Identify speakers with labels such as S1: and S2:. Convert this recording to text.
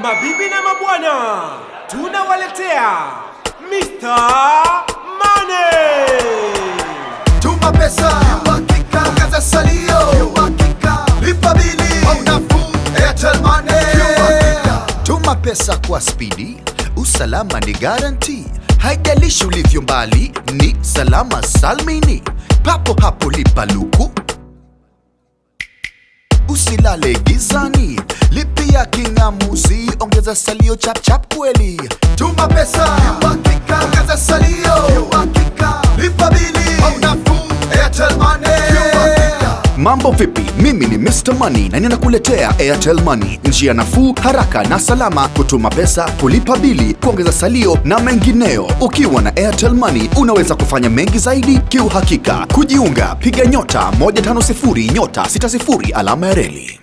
S1: Mabibi na mabwana, tunawaletea Mr. Money.
S2: Tuma pesa salio, lipa bili kwa Airtel Tuma pesa kwa spidi, usalama ni garanti, haijalishi ulivyo mbali, ni salama salmini, papo hapo lipa luku, usilale gizani ya king'amuzi, ongeza salio chap chap, kweli tuma pesa, ongeza salio, lipa bili au nafuu, Airtel Money. Mambo vipi? Mimi ni Mr Money na ninakuletea Airtel Money, njia nafuu, haraka na salama kutuma pesa, kulipa bili, kuongeza salio na mengineo Ukiwa na Airtel Money unaweza kufanya mengi zaidi kiuhakika. Kujiunga, piga nyota 150 nyota 60 alama ya reli.